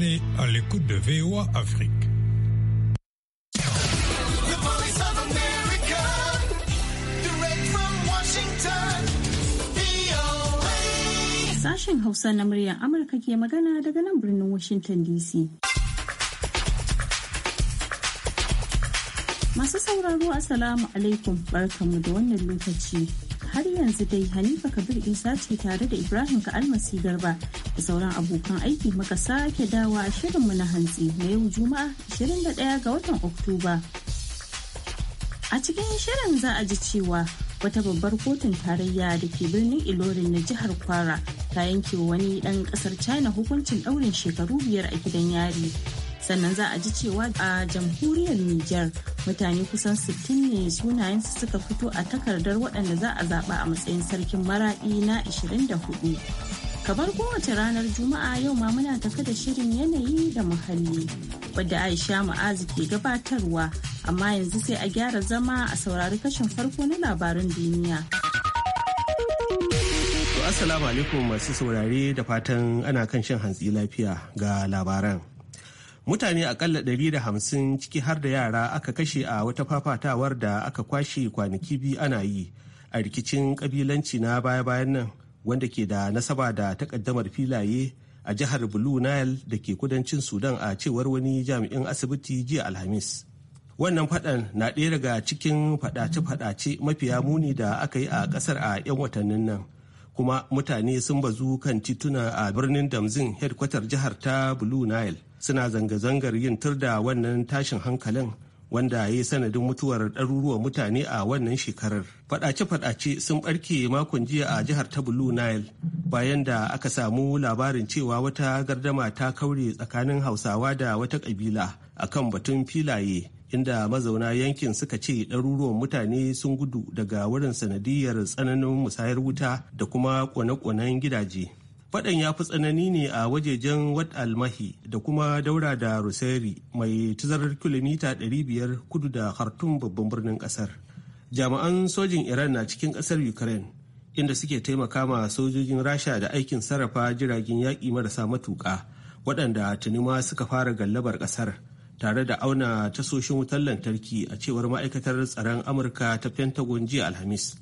Mais à l'écoute de VOA Afrique. Sashen Hausa na muryar Amurka ke magana daga nan birnin Washington DC. Masu sauraro Assalamu alaikum barkanmu da wannan lokaci. har yanzu dai halifa kabir isa ce tare da ibrahim ka almasi garba da sauran abokan aiki muka sake dawa a mu na hantsi na yau juma'a 21 ga watan oktoba a cikin shirin za a ji cewa wata babbar kotun tarayya da ke birnin ilorin na jihar kwara ta yanke wani ɗan ƙasar china hukuncin ɗaurin shekaru biyar a gidan yari sannan za a ji cewa a jamhuriyar Nijar mutane kusan 60 ne sunayensu suka fito a takardar waɗanda za a zaɓa a matsayin sarkin maraɗi na 24. Kabar kowace ranar Juma'a yau ma muna tafi da shirin yanayi da muhalli wadda Aisha Ma'azu ke gabatarwa amma yanzu sai a gyara zama a saurari kashin farko na labarin duniya. to Assalamu alaikum masu saurare da fatan ana kan shan hantsi lafiya ga labaran. mutane akalla hamsin ciki har da yara aka kashe a wata fafatawar da aka kwashe kwanaki biyu ana yi a rikicin kabilanci na baya-bayan nan wanda ke da nasaba da takaddamar filaye a jihar blue nile da ke kudancin sudan a cewar wani jami'in asibiti jiya alhamis wannan faɗan na ɗaya daga cikin fadace-fadace mafiya muni da aka yi a ƙasar a 'yan watannin nan kuma mutane sun bazu kan tituna a birnin damzin headkwatar jihar ta blue nile suna zanga-zangar yin tur da wannan tashin hankalin wanda ya yi sanadin mutuwar ɗaruruwan mutane a wannan shekarar Faɗace-faɗace sun ɓarke makon jiya a jihar ta blue nile bayan da aka samu labarin cewa wata gardama ta kaure tsakanin hausawa da wata ƙabila akan batun filaye inda mazauna yankin suka ce ɗaruruwan mutane sun gudu daga wurin sanadiyar tsananin musayar wuta da kuma kone-konen gidaje. Faɗan ya fi tsanani ne a wajejen Wat Almahi da kuma daura da Ruseri mai tazarar kilomita 500 kudu da hartun babban birnin ƙasar. Jami'an sojin Iran na cikin ƙasar Ukraine inda suke taimaka ma sojojin Rasha da aikin sarrafa jiragen yaƙi marasa matuƙa waɗanda tuni ma suka fara gallabar ƙasar. tare da auna tasoshin wutar lantarki a cewar ma'aikatar tsaron amurka ta pentagon jiya alhamis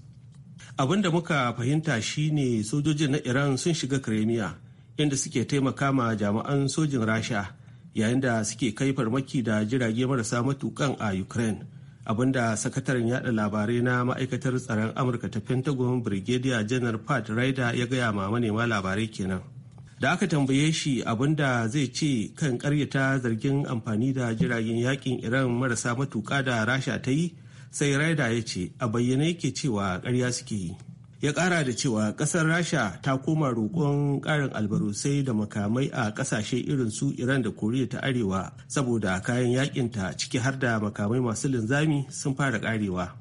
abin da muka fahimta shine sojojin na iran sun shiga kremiya inda suke taimaka ma jami'an sojin rasha yayin da suke kai farmaki da jirage marasa matukan a ukraine abinda sakataren yada labarai na ma'aikatar tsaron amurka ta pentagon brigadier janar pat ryder ya gaya ma manema labarai kenan da aka tambaye shi abin da zai ce kan karyata zargin amfani da jiragen yakin iran marasa matuka da rasha ta yi sai raida ya ce a bayyane yake cewa karya suke yi ya kara da cewa kasar rasha ta koma roƙon ƙarin albarusai da makamai a ƙasashe irin su iran da koriya ta arewa saboda kayan yakinta ciki har da makamai masu linzami sun fara ƙarewa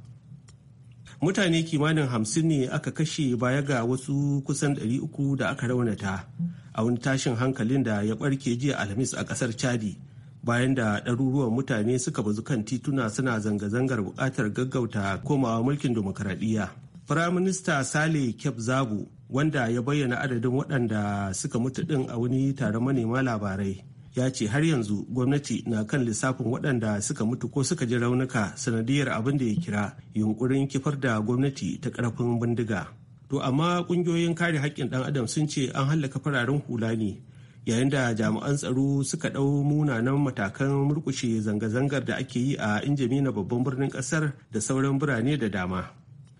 mutane kimanin hamsin ne aka kashe baya ga wasu kusan ɗari uku da aka raunata a wani tashin hankalin da ya barke jiya alhamis a kasar chadi bayan da ɗaruruwan mutane suka bazu kan tituna suna zanga-zangar buƙatar gaggauta komawa mulkin demokaradiyya firaminista sale kyab zabu wanda ya bayyana adadin waɗanda suka mutu ɗin a wani taron manema labarai ya ce har yanzu gwamnati na kan lissafin waɗanda suka mutu ko suka ji raunuka sanadiyar abin da ya kira yunkurin kifar da gwamnati ta ƙarfin bindiga to amma ƙungiyoyin kare haƙƙin ɗan adam sun ce an hallaka fararen hula ne yayin da jami'an tsaro suka ɗau munanan matakan murƙushe zanga-zangar da ake yi a injimina babban birnin ƙasar da sauran birane da dama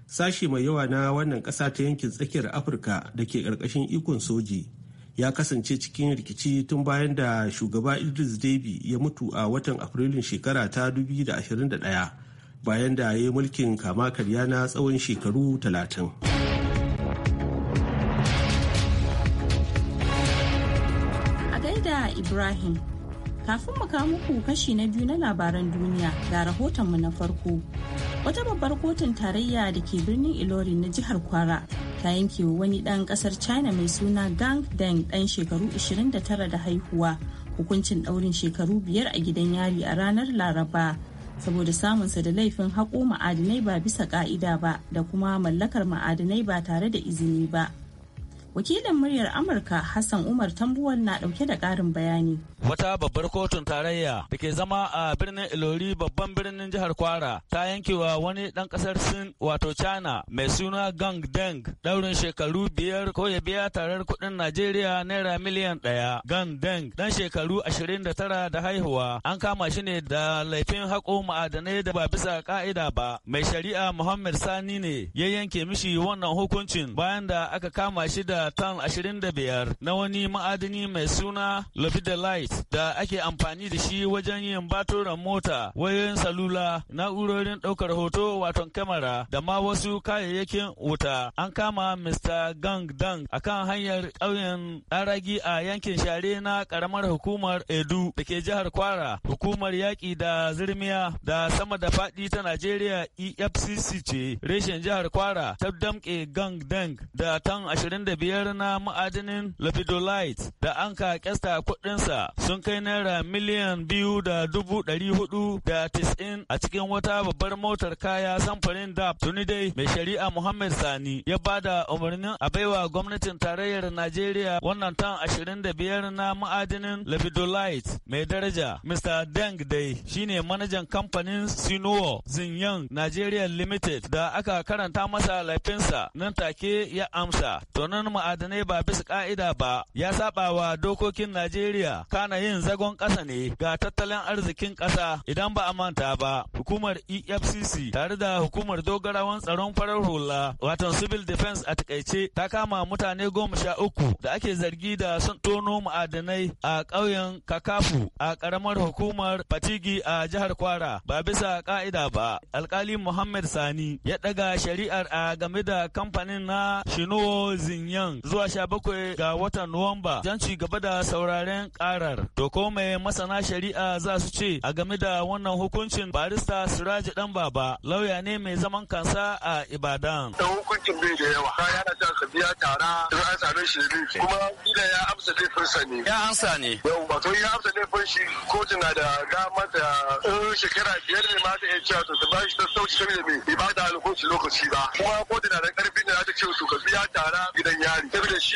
sashi mai yawa na wannan ƙasa ta yankin tsakiyar afirka da ke ƙarƙashin ikon soji ya kasance cikin rikici tun bayan da shugaba idris deby ya mutu a watan afrilun shekara ta 2021 bayan da ya yi mulkin kama karya na tsawon shekaru 30 Ibrahim Kafin mu kawo muku kashi na biyu na labaran duniya ga mu na farko. Wata babbar kotun tarayya da ke birnin Ilori na jihar Kwara ta yanke wani ɗan ƙasar China mai suna Gang Deng ɗan shekaru 29 da haihuwa hukuncin ɗaurin shekaru biyar a gidan yari a ranar Laraba. saboda samunsa da laifin haƙo ma'adinai ba bisa ƙa'ida ba da kuma mallakar ma'adinai ba tare da izini ba. wakilin muryar amurka hassan umar tambuwan na dauke da karin bayani wata babbar kotun tarayya da ke zama a birnin ilori babban birnin jihar kwara ta yankewa wani dan kasar sin wato china mai suna gang deng daurin shekaru biyar ko ya biya tarar kudin najeriya naira miliyan daya gang deng dan shekaru ashirin da tara da haihuwa an kama shi ne da laifin haƙo ma'adanai da ba bisa ka'ida ba mai shari'a muhammad sani ne ya yanke mishi wannan hukuncin bayan da aka kama shi da da tan 25 na wani ma'adani mai suna Light da ake amfani da shi wajen yin baturan mota, wayoyin salula, na'urorin ɗaukar hoto waton kamera da ma wasu kayayyakin wuta. An kama Mr. Gang Dang a kan hanyar ƙauyen ɗaragi a yankin share na ƙaramar hukumar Edu da ke jihar Kwara, hukumar yaƙi da zirmiya da sama da faɗi ta Najeriya EFCC ce reshen jihar Kwara ta damƙe Gang Dang da tan 25 biyar na ma'adinin lapidolite da an ka kesta kuɗinsa sun kai naira miliyan biyu da dubu ɗari hudu da tis'in a cikin wata babbar motar kaya samfarin dab tuni dai mai shari'a muhammad sani ya ba da umarnin a baiwa gwamnatin tarayyar najeriya wannan tan ashirin da biyar na ma'adinin lapidolite mai daraja mr deng dai shine manajan kamfanin sinuwa zinyan nigeria limited da aka karanta masa laifinsa nan take ya amsa tonan ma'adanai ba bisa ka'ida ba ya saba wa dokokin Najeriya kana yin zagon ƙasa ne ga tattalin arzikin ƙasa idan ba a manta ba hukumar EFCC tare da hukumar dogarawan tsaron farar hula watan civil defense a takaice ta kama mutane goma sha uku da ake zargi da sun tono ma'adanai a ƙauyen Kakafu a ƙaramar hukumar Fatigi a jihar Kwara ba bisa ka'ida ba alkali Muhammad Sani ya ɗaga shari'ar a game da kamfanin na Shino Zinyan nan zuwa sha bakwai ga watan Nuwamba don ci gaba da sauraren karar. To ko mai masana shari'a za su ce a game da wannan hukuncin barista Siraji dan baba lauya ne mai zaman kansa a Ibadan. Da hukuncin bai da yawa. Kaya na jan ka biya tara don an same shi ne. Kuma Ila ya amsa laifinsa ne. Ya amsa ne. Yau ba to ya amsa laifin shi ko na da damar da shekara biyar ne ma ta iya cewa to ta bashi ta sauci saboda bai ba da alkoci lokaci ba. Kuma kotun na da karfin da za ta ce su ka biya tara gidan ya tsari da shi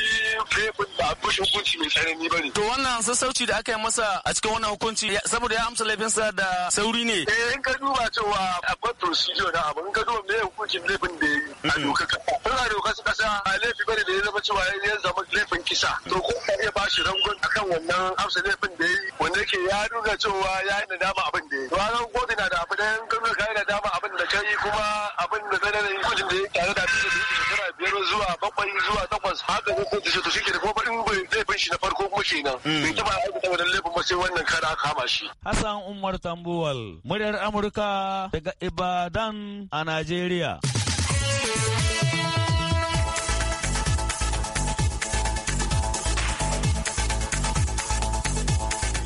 fefin da abu hukunci mai tsanani ba ne. To wannan sassauci da aka yi masa a cikin wannan hukunci saboda ya amsa laifinsa da sauri ne. Eh in ka duba cewa akwai procedure na abu in ka duba me hukuncin laifin da ya yi a doka kasa. Kuna dokar kasa a laifi bane da ya zama cewa ya zama laifin kisa. To ko ka iya bashi rangon akan wannan amsa laifin da ya yi wanda ke ya nuna cewa ya yi nadama abin da ya yi. Ranar gobe na da abu da yan kan ka yi nadama abin da ka yi kuma abin da zai da yi da ya tare da abin da ya yi shekara biyar zuwa bakwai zuwa takwas. tabbas haka ko kun shi to shi kenan kuma faɗin bai laifin shi na farko kuma kenan hmm. bai taɓa aikata wannan laifin ba sai wannan kada aka kama shi. Hassan Umar Tambuwal muryar Amurka daga Ibadan a Najeriya.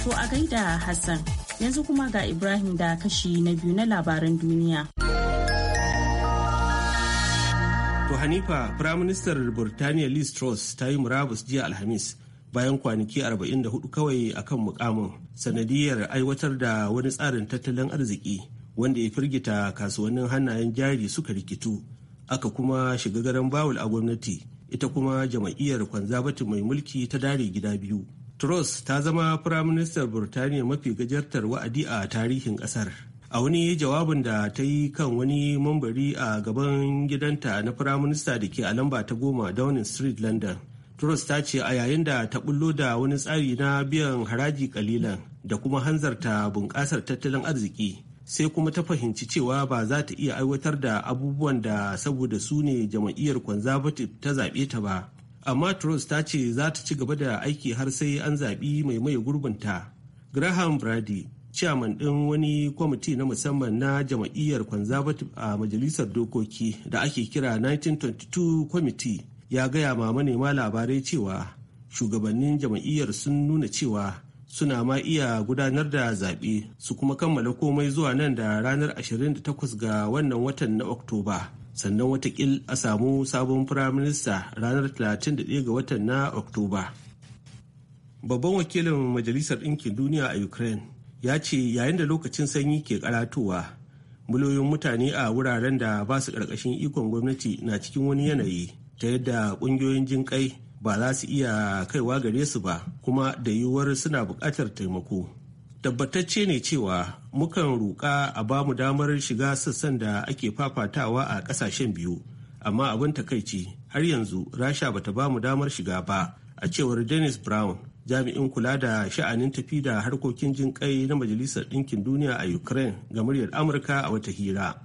To a gaida Hassan, yanzu kuma ga Ibrahim da kashi na biyu na labaran duniya. hanifa firaministar burtaniya liz truss ta yi murabus jiya alhamis bayan kwanaki 44 kawai a kan mukamin sanadiyar aiwatar da wani tsarin tattalin arziki wanda ya firgita kasuwannin hannayen jari suka rikitu aka kuma shiga garan bawul a gwamnati ita kuma jama'iyyar kwanzabatin mai mulki ta dare gida biyu truss ta zama firaministar burtaniya mafi gajartar wa'adi a tarihin ƙasar. a wani jawabin da ta yi kan wani mambari a gaban gidanta na firaminista da ke a lamba ta goma downing street london truss ta ce a yayin da ta bullo da wani tsari na biyan haraji kalilan da kuma hanzarta bunƙasar tattalin arziki sai kuma ta fahimci cewa ba za ta iya aiwatar da abubuwan da saboda su ne jam'iyyar conservative ta zaɓe ta ba amma truss ta ce za ta ci gaba da aiki har sai an zaɓi mai mai gurbinta graham brady chairman ɗin wani kwamiti na musamman na jama'iyyar conservative a majalisar dokoki da ake kira 1922 kwamiti ya gaya ma manema labarai cewa shugabannin jama'iyyar sun nuna cewa suna ma iya gudanar da zaɓe su kuma kammala komai zuwa nan da ranar 28 ga wannan watan na oktoba sannan watakil a samu sabon firaminista ranar 31 ga watan na oktoba babban wakilin majalisar ɗinkin duniya a ukraine ya ce yayin da lokacin sanyi ke karatowa miliyoyin mutane a wuraren da ba su ƙarƙashin ikon gwamnati na cikin wani yanayi ta yadda ƙungiyoyin jin kai ba za su iya kaiwa gare su ba kuma da yiwuwar suna buƙatar taimako tabbatacce ne cewa mukan roƙa a ba mu damar shiga sassan da ake fafatawa a ƙasashen biyu amma abin takaici har yanzu rasha bata ba mu damar shiga ba a cewar dennis brown jami'in kula da sha'anin tafi da harkokin jin kai na majalisar ɗinkin duniya a ukraine ga muryar amurka a wata hira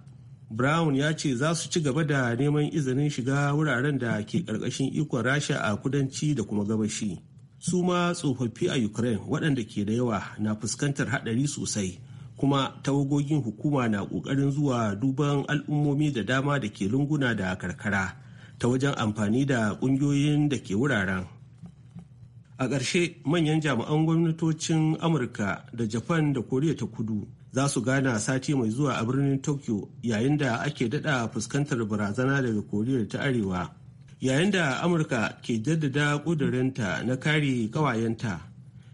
brown ya ce za su ci gaba da neman izinin shiga wuraren da ke ƙarƙashin ikon rasha a kudanci da kuma gabashi su ma tsofaffi a ukraine waɗanda ke da yawa na fuskantar haɗari sosai kuma tawagogin hukuma na ƙoƙarin zuwa duban al'ummomi da dama da ke lunguna da karkara ta wajen amfani da ƙungiyoyin da ke wuraren a ƙarshe manyan jami'an gwamnatocin amurka da japan da koriya ta kudu za su gana sati mai zuwa a birnin tokyo yayin da ake daɗa fuskantar barazana daga koriya ta arewa yayin da amurka ke jaddada ƙudurinta na kare ƙawayenta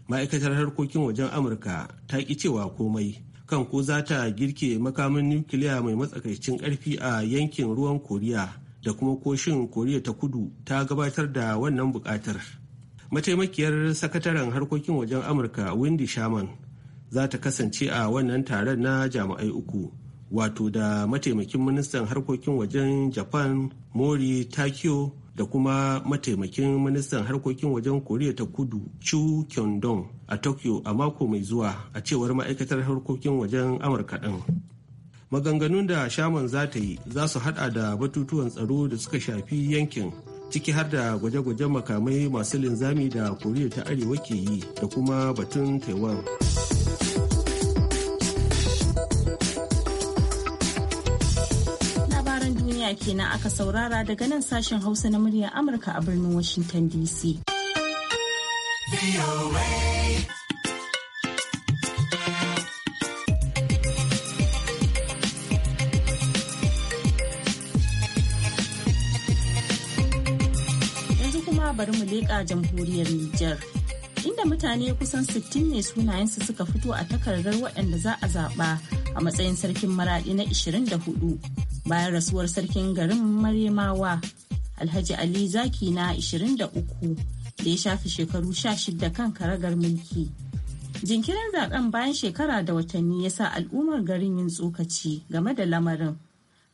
ma'aikatar harkokin wajen amurka ta ƙi cewa komai kan ko za ta girke makamin nukiliya mai matsakaicin ƙarfi a yankin ruwan koriya da kuma koshin koriya ta kudu ta gabatar da wannan buƙatar. mataimakiyar sakataren harkokin wajen amurka windy shaman za ta kasance a wannan taron na jami'ai uku wato da mataimakin ministan harkokin wajen japan mori takio da kuma mataimakin ministan harkokin wajen koriya ta kudu chu kyondong a tokyo a mako mai zuwa a cewar ma'aikatar harkokin wajen amurka ɗin maganganun da shaman za ta yi za su hada da batutuwan tsaro da suka shafi yankin ciki har da gwaje-gwajen makamai masu linzami da koriya ta arewa ke yi da kuma batun taiwan labaran duniya kenan aka saurara daga nan sashen hausa na muryar amurka a birnin washington dc bari mu leƙa jamhuriyar Nijar. Inda mutane kusan 60 ne sunayensu suka fito a takardar waɗanda za a zaɓa a matsayin sarkin maraɗi na 24 bayan rasuwar sarkin garin Maremawa Alhaji Ali Zaki na 23 da ya shafi shekaru 16 kan karagar mulki. Jinkirin zaɓen bayan shekara da watanni ya sa al'ummar garin yin tsokaci game da lamarin.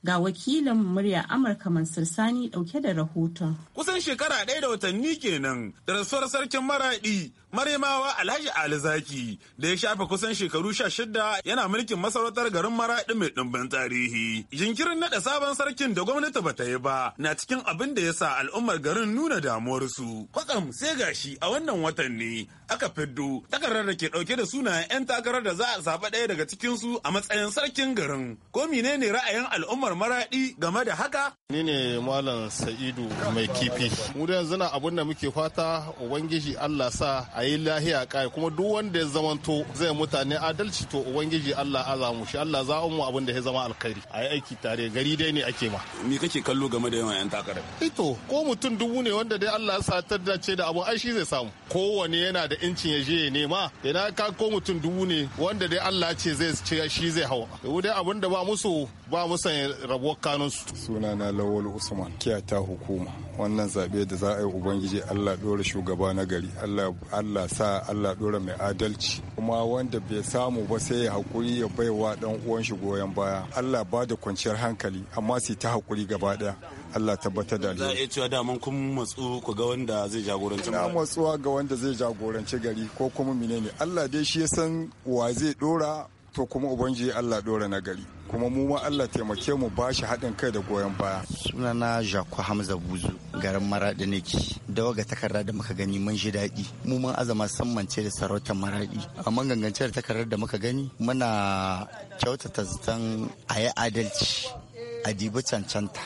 Ga wakilin murya Amurka Mansur Sani dauke da rahoton. Kusan shekara ɗaya da watanni kenan da rasuwar sarkin maraɗi Maremawa Alhaji Ali Zaki da ya shafe kusan shekaru sha shidda yana mulkin masarautar garin Maraɗi mai ɗumbin tarihi. Jinkirin naɗa sabon sarkin da gwamnati bata yi ba na cikin abin da ya sa al'ummar garin nuna damuwar su Kwatsam sai gashi a wannan watan ne aka fiddo takarar da ke ɗauke da sunayen 'yan takarar da za a zaɓa ɗaya daga cikin su a matsayin sarkin garin. Ko menene ra'ayin al'ummar Maraɗi game da haka? Ni ne Malam Sa'idu mai kifi. Mu da yanzu na abin da muke fata Ubangiji Allah sa a yi lahiya kai kuma duk wanda ya zamanto zai mutane adalci to ubangiji Allah aza mu shi Allah za mu abin da ya zama alkhairi a yi aiki tare gari dai ne ake ma me kake kallo game da yawan yan takarar ito eh ko mutum dubu ne wanda dai Allah ya satar da ce da abu ai shi zai samu kowane yana da incin ya je ya nema idan ka ko mutum dubu ne wanda dai Allah ce zai ce shi zai hawa yau dai abin da ba musu ba musu rabuwar kanunsu sunana lawal usman kiyata hukuma wannan zabe da za a yi ubangiji Allah dora shugaba na gari Allah Allah sa Allah dora mai adalci kuma wanda bai samu ba sai ya hakuri ya baiwa dan uwan shi goyon baya Allah ba da kwanciyar hankali amma su ta hakuri gaba daya Allah tabbatar da alheri. Za a iya cewa daman kun matsu ku ga wanda zai jagoranci Na matsuwa ga wanda zai jagoranci gari ko kuma menene Allah dai shi ya san wa zai dora to kuma ubangiji Allah dora na gari kuma mu ma Allah taimake mu ba shi haɗin kai da goyon baya. Sunana Jacques Hamza Buzu. garin maraɗi nake da ga takarda da muka gani mun shi daɗi mu mun azama sammance da sarautar maraɗi amma gangance da takardar da muka gani muna kyautata zaton a yi adalci a dibi cancanta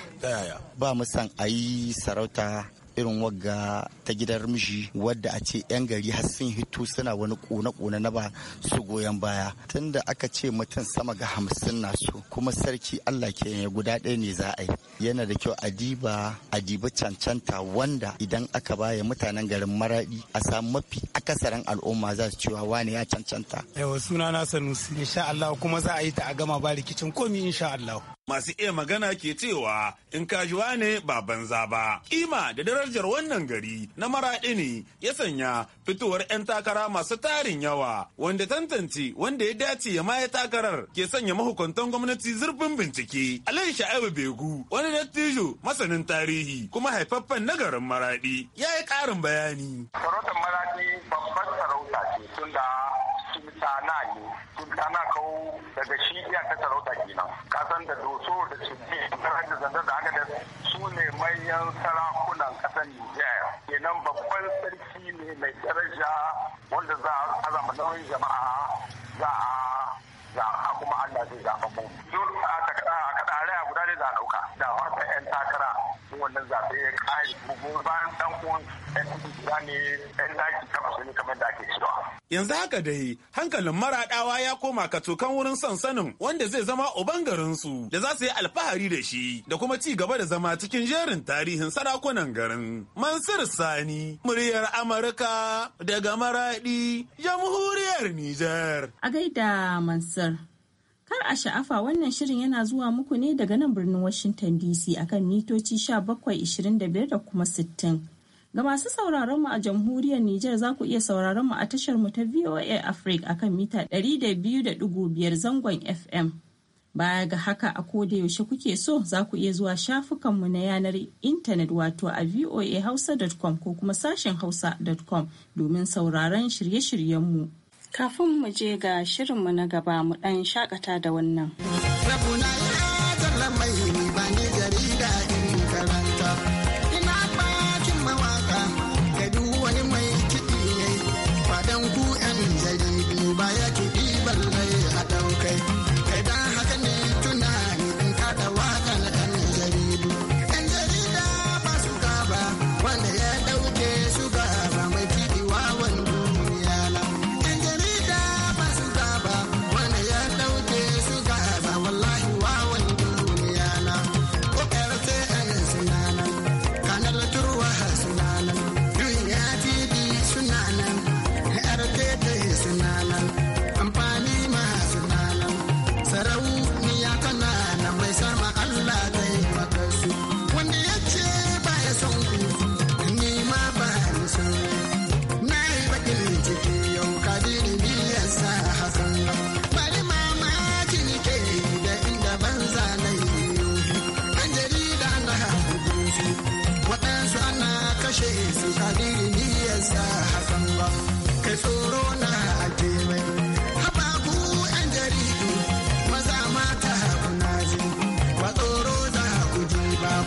ba mu san ayi sarauta irin wagga ta gidan rumshi wadda a ce 'yan gari har sun hito suna wani kone-kone na ba su goyon baya tunda aka ce mutum sama ga hamsin na su kuma sarki allah ke ya guda ɗaya ne za a yi yana da kyau a diba a cancanta wanda idan aka baya mutanen garin maradi a samu mafi akasarin al'umma za su cewa wani ya cancanta yawa suna na sanusi insha allah kuma za a yi ta a gama ba rikicin komi insha allah masu iya magana ke cewa in kajuwa ne ba banza ba kima da darajar wannan gari na maraɗi ne ya sanya fitowar 'yan takara masu tarin yawa wanda tantance wanda ya dace ya maye takarar ke sanya mahukuntan gwamnati zurfin bincike alai sha'abu begu wani dattijo masanin tarihi kuma haifaffen na garin maraɗi ya yi ƙarin bayani sarautar maraɗi babban sarauta ce tun da ne sultana kawo daga shi iya ta sarauta kenan kasan da doso da cibbi da zanda da haka su ne manyan sarakunan kasan nijar kenan babban sarki ne mai daraja wanda za a zama nauyin jama'a za a zaɓa kuma Allah zai zaɓa mu. Yau a kaɗare a guda ne za a ɗauka da harfa 'yan takara wannan zaɓe ya ƙare Bugu bayan ɗan uwan 'yan guda ne 'yan daki kamar su ne kamar da ake cewa. Yanzu haka dai hankalin maraɗawa ya koma kacokan wurin sansanin wanda zai zama uban garinsu da za su yi alfahari da shi da kuma ci gaba da zama cikin jerin tarihin sarakunan garin. Mansur Sani, muryar Amurka daga maraɗi, jamhuriyar Nijar. A gaida Mansur. Kar a sha'afa wannan shirin yana zuwa muku ne daga nan birnin Washington DC akan mitoci 17, 25 da kuma 60. Ga masu sauraron mu a jamhuriyar Nijar za ku iya sauraron mu a tashar mu ta VOA Africa akan mita 200.5 zangon FM. Baya ga haka a koda yaushe kuke so za ku iya zuwa shafukan mu na yanar intanet wato a voahausa.com ko kuma sashen hausa.com domin sauraron shirye shiryen mu Kafin mu je ga shirin mu na gaba mu ɗan shakata da wannan.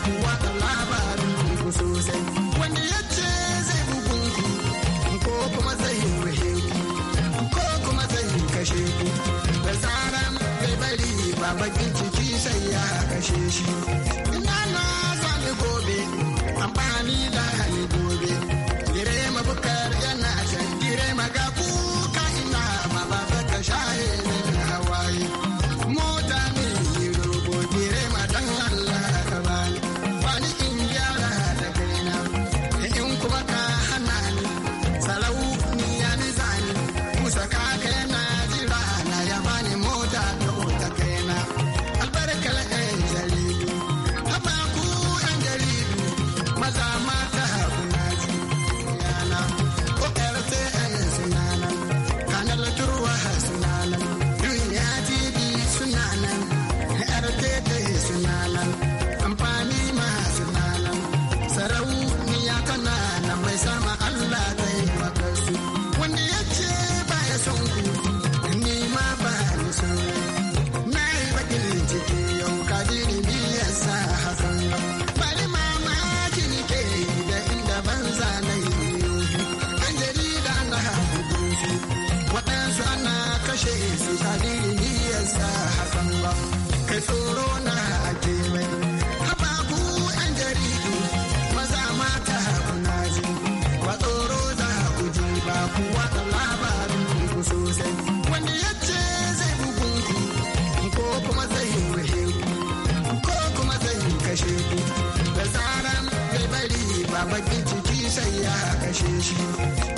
ku watsa labarin ku sosai Wani yace zai bugun ku ko kuma zai rushe ku ko kuma zai kashe ku da tsara bai bari ba bakin ciki sai ya kashe shi Thank you.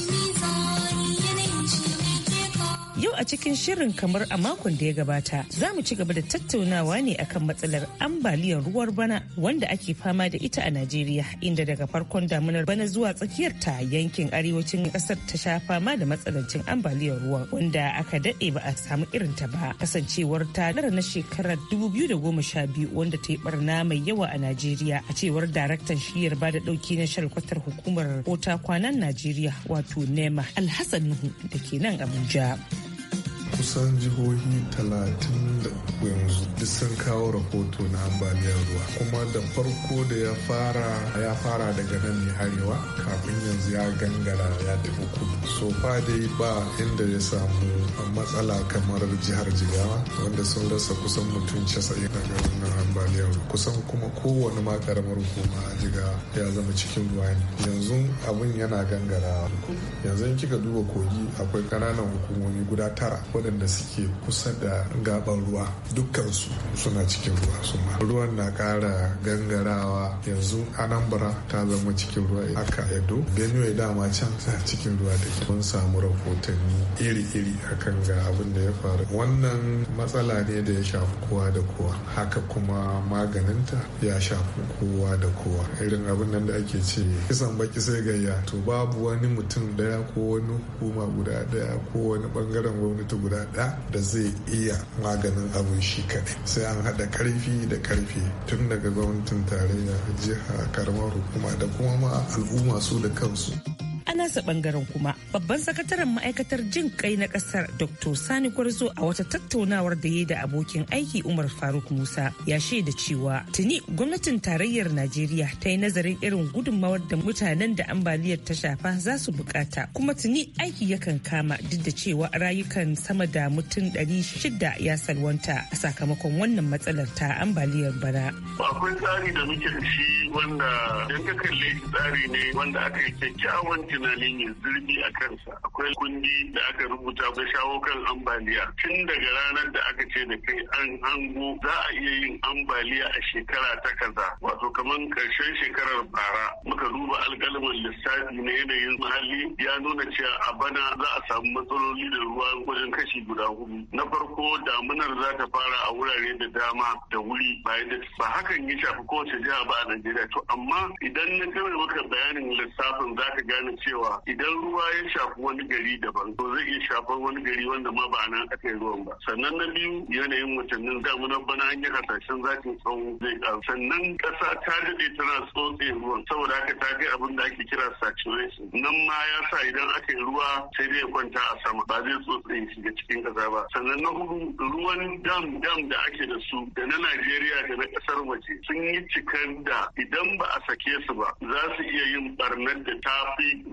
a cikin shirin kamar a makon da ya gabata za mu ci gaba da tattaunawa ne akan matsalar ambaliyar ruwar bana wanda ake fama da ita a Najeriya inda daga farkon damunar bana zuwa tsakiyar ta yankin arewacin kasar ta sha fama da matsalancin ambaliyar ruwa wanda aka daɗe ba a samu irin ta ba kasancewar ta na shekarar goma sha biyu wanda ta yi barna mai yawa a Najeriya a cewar daraktan shiyar ba da dauki na shalkwatar hukumar kota kwanan Najeriya wato NEMA Alhassan Nuhu da ke nan Abuja. kusan jihohi talatin da yanzu duk sun kawo rahoto na ambaliyar ruwa kuma da farko da ya fara ya fara daga nan ne arewa kafin yanzu ya gangara ya tafi kudu so fa dai ba inda ya samu matsala kamar jihar jigawa wanda sun rasa kusan mutum casa'in daga wannan ambaliyar kusan kuma kowane ma karamar hukuma a jigawa ya zama cikin ruwa ne yanzu abin yana gangara yanzu kika duba kogi akwai ƙananan hukumomi guda tara waɗanda suke kusa da gaban ruwa dukkansu suna cikin ruwa suma ruwan na ƙara gangarawa yanzu anambra ta zama cikin ruwa aka edo benue dama can ta cikin ruwa da mun samu rahotanni iri-iri akan ga abin da ya faru wannan matsala ne da ya shafi kowa da kowa haka kuma maganinta ya shafi kowa da kowa irin abin nan da ake ce kisan baki sai gayya to babu wani mutum daya ko wani hukuma guda daya ko wani bangaren gwamnati guda guda ɗaya da zai iya maganin abin shi kaɗai sai an haɗa ƙarfi da ƙarfi tun daga gwamnatin tarayya jiha karamar hukuma da kuma ma al'umma su da kansu. a nasa bangaren kuma babban sakataren ma'aikatar jin kai na kasar dr sani kwarzo a wata tattaunawar da ya da abokin aiki umar faruk musa ya shaida cewa tuni gwamnatin tarayyar najeriya ta yi nazarin irin gudummawar da mutanen da ambaliyar ta shafa za su bukata kuma tuni aiki yakan kama duk da cewa rayukan sama da mutum ɗari shida ya salwanta a sakamakon wannan matsalar ta ambaliyar bara akwai tsari da muke da shi wanda yan ka kalle tsari ne wanda aka yi kyakkyawan tunanin ya zirgi a kansa akwai kundi da aka rubuta ga shawo kan ambaliya tun daga ranar da aka ce da kai an hango za a iya yin ambaliya a shekara ta kaza wato kamar karshen shekarar bara muka duba alkalaman lissafi na yanayin muhalli ya nuna cewa a bana za a samu matsaloli da ruwa wajen kashi guda hudu na farko damunar za ta fara a wurare da dama da wuri bayan da ba hakan ya shafi kowace jiha ba a Najeriya to amma idan na kawai maka bayanin lissafin za ka gane cewa cewa idan ruwa ya shafi wani gari daban to zai iya shafar wani gari wanda ma ba nan aka yi ruwan ba sannan na biyu yanayin watannin damunar bana an yi hasashen zafin tsawo zai ƙaru sannan ƙasa ta daɗe tana tsotse ruwan saboda haka ta kai abin da ake kira saturation nan ma ya sa idan aka yi ruwa sai zai kwanta a sama ba zai tsotse shiga cikin kasa ba sannan na hudu ruwan dam dam da ake da su da na Najeriya da na ƙasar waje sun yi cikar da idan ba a sake su ba za su iya yin barnar da ta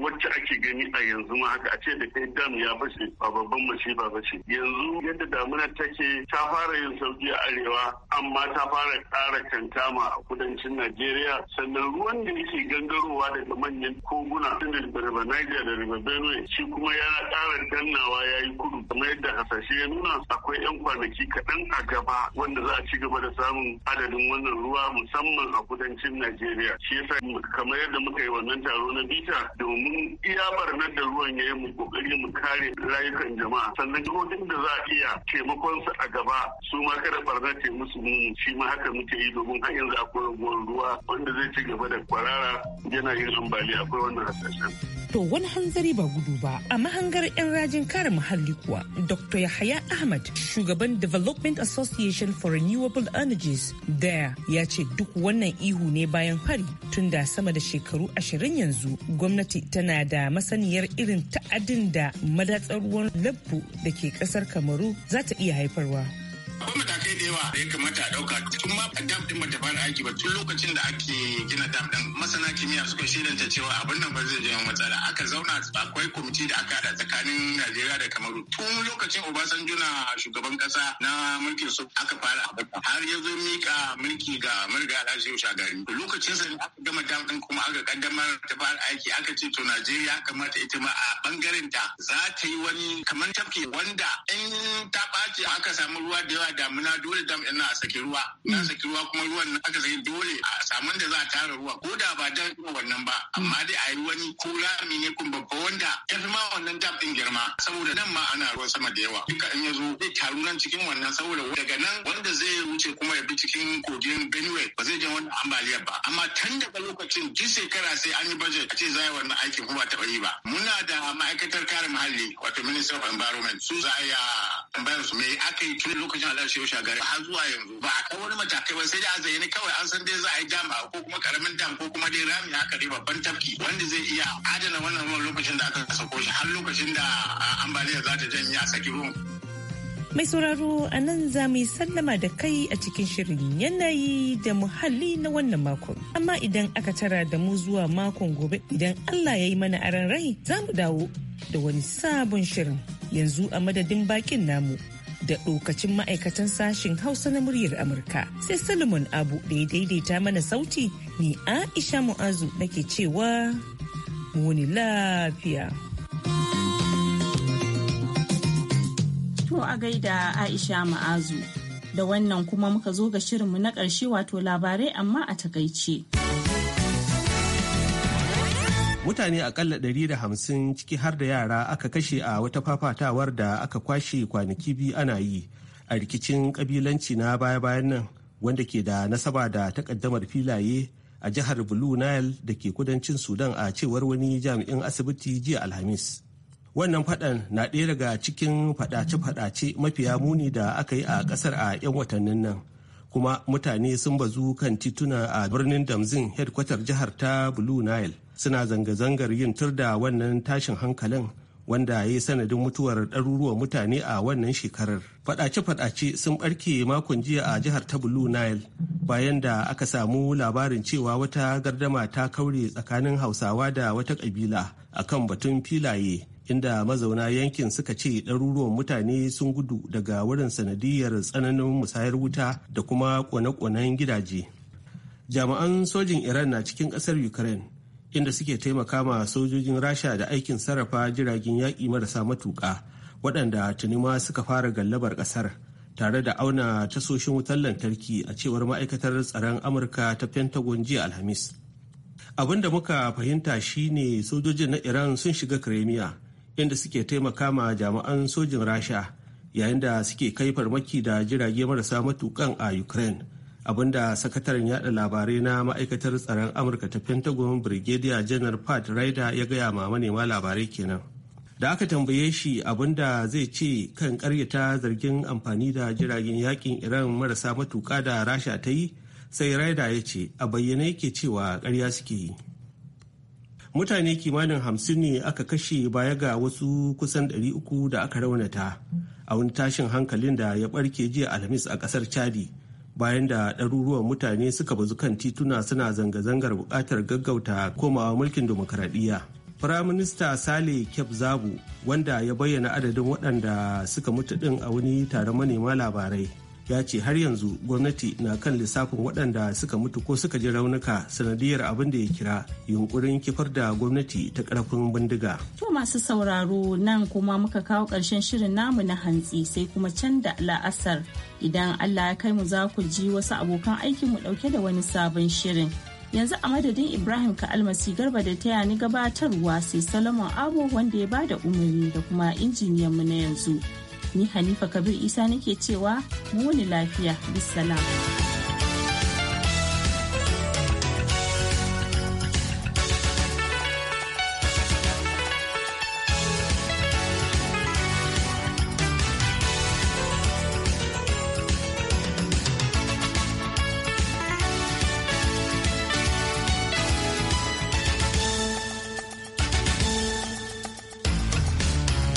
wacce ake gani a yanzu ma haka a ce da kai dam ya bace ba babban mace, ba ce yanzu yadda damuna take ta fara yin sauki a arewa amma ta fara ƙara kankama a kudancin najeriya sannan ruwan da yake gangarowa daga manyan koguna tun da river niger da river benue shi kuma ya ƙara dannawa ya yi kudu kamar yadda hasashe ya nuna akwai 'yan kwanaki kaɗan a gaba wanda za a ci gaba da samun adadin wannan ruwa musamman a kudancin najeriya shi yasa kamar yadda muka yi wannan taro na bita domin mu iya barnar da ruwan ya yi mu kokari mu kare rayukan jama'a sannan jihohin da za a iya taimakon su a gaba su ma kada barnar ta musu mu shi ma haka muke yi domin har yanzu akwai ruwan ruwa wanda zai ci gaba da kwarara yana yin ambaliya akwai wannan hasashen. To wani hanzari ba gudu ba a mahangar 'yan rajin kare muhalli kuwa Dr. Yahaya Ahmad shugaban Development Association for Renewable Energies daya ya ce duk wannan ihu ne bayan hari tun da sama da shekaru ashirin yanzu gwamnati tana da masaniyar irin ta'adin da madatsar ruwan labbu da ke kasar Kamaru za ta iya haifarwa. akwai matakai da yawa da ya kamata a ɗauka tun ma A dam din bata fara aiki ba tun lokacin da ake gina dam din masana kimiyya suka shirinta cewa abin nan ba zai jawo matsala aka zauna akwai kwamiti da aka hada tsakanin Najeriya da Kamaru tun lokacin Obasanjo na shugaban kasa na mulkin su aka fara har ya zo mika mulki ga Amurka Alhaji Shagari lokacin sa aka gama dam din kuma aka kaddamar ta fara aiki aka ce to Najeriya kamata ita ma a bangaren ta za ta yi wani kamar tafki wanda in ta ɓaci aka samu ruwa da yawa ana damina dole dam ɗin a saki ruwa na mm. saki ruwa kuma ruwan na aka saki dole a samu da za a tara ruwa ko da ba dan wannan ba amma mm. dai a yi wani ko rami ne kun babba wanda ya fi ma wannan dam ɗin girma saboda nan ma ana ruwan sama da yawa duka in ya zo zai taru nan cikin wannan saboda daga nan wanda zai wuce kuma ya bi cikin kogin Benue ba zai jan wani ambaliyar ba amma tun daga lokacin duk shekara sai an yi budget a ce za a yi wannan aikin kuma taɓa yi ba muna da ma'aikatar kare muhalli wato Minister of Environment su za a yi ah, tambayar su me aka yi tun lokacin za su yi shagari har zuwa yanzu ba a kai wani matakai ba sai da a zayyane kawai an san dai za a yi dam ko kuma karamin dam ko kuma dai rami haka dai babban tafki wanda zai iya adana wannan ruwan lokacin da aka sako shi har lokacin da ambaliya za ta janye a saki ruwan. Mai sauraro a nan za mu yi sallama da kai a cikin shirin yanayi da muhalli na wannan makon. Amma idan aka tara da mu zuwa makon gobe idan Allah ya yi mana aran rai za mu dawo da wani sabon shirin. Yanzu a madadin bakin namu da ɗokacin ma'aikatan sashen Hausa na muryar Amurka. Sai Solomon Abu da ya daidaita mana sauti ni Aisha Mu'azu nake cewa muni lafiya. To a gaida Aisha mu'azu Da wannan kuma muka zo ga shirinmu na ƙarshe wato labarai amma a takaice. mutane akalla hamsin ciki har da yara aka kashe a wata fafatawar da aka kwashe kwanaki biyu ana yi a rikicin kabilanci na baya-bayan nan wanda ke da nasaba da takaddamar filaye a jihar blue nile da ke kudancin sudan a cewar wani jami'in asibiti jiya alhamis wannan fadan na ɗaya daga cikin fadace-fadace mafiya muni da aka yi a ƙasar a 'yan watannin nan kuma mutane sun bazu kan tituna a birnin damzin hedkwatar jihar ta blue nile suna zanga-zangar yin tur da wannan tashin hankalin wanda ya yi sanadin mutuwar ɗaruruwan mutane a wannan shekarar. Faɗace-faɗace sun ɓarke makon jiya a jihar ta Blue Nile bayan da aka samu labarin cewa wata gardama ta kaure tsakanin Hausawa da wata ƙabila a kan batun filaye inda mazauna yankin suka ce ɗaruruwan mutane sun gudu daga wurin sanadiyar tsananin musayar wuta da kuma kone-konen gidaje. Jami'an sojin Iran na cikin ƙasar Ukraine inda suke taimaka ma sojojin rasha da aikin sarrafa jiragen yaƙi marasa matuƙa waɗanda tuni ma suka fara gallabar ƙasar tare da auna tasoshin wutar lantarki a cewar ma'aikatar tsaron amurka ta pentagon jiya alhamis abin da muka fahimta shine sojojin na iran sun shiga kremiya inda suke taimaka ma jami'an sojin rasha yayin da suke kai farmaki da jirage marasa matuƙan a ukraine abinda sakataren yada labarai na ma'aikatar tsaron amurka ta pentagon brigadier janar pat ryder ya gaya ma manema labarai kenan da aka tambaye shi abinda zai ce kan karyata zargin amfani da jiragen yakin iran marasa matuka da rasha ta yi sai raida ya ce a bayyane yake cewa karya suke yi mutane kimanin hamsin ne aka kashe baya ga wasu kusan uku da aka raunata a wani tashin hankalin da ya barke jiya alhamis a kasar chadi bayan da ɗaruruwan mutane suka bazu kan tituna suna zanga-zangar buƙatar gaggauta komawa mulkin demokaradiyya. Firaminista Sale Kep Zabu wanda ya bayyana adadin waɗanda suka mutu ɗin a wani taron manema labarai ya ce har yanzu gwamnati na kan lissafin waɗanda suka mutu ko suka ji raunuka sanadiyar abin da ya kira yunkurin kifar da gwamnati ta ƙarfin bindiga. To masu sauraro nan kuma muka kawo ƙarshen shirin namu na hantsi sai kuma can da la'asar idan Allah ya kai mu za ku ji wasu abokan aikin mu ɗauke da wani sabon shirin. yanzu a madadin ibrahim ka almasi garba da ta ni gabatarwa sai solomon abu wanda ya bada umarni da kuma injiniyan mu na yanzu Ni Hanifa Kabir Isa nake cewa mu lafiya. bisalam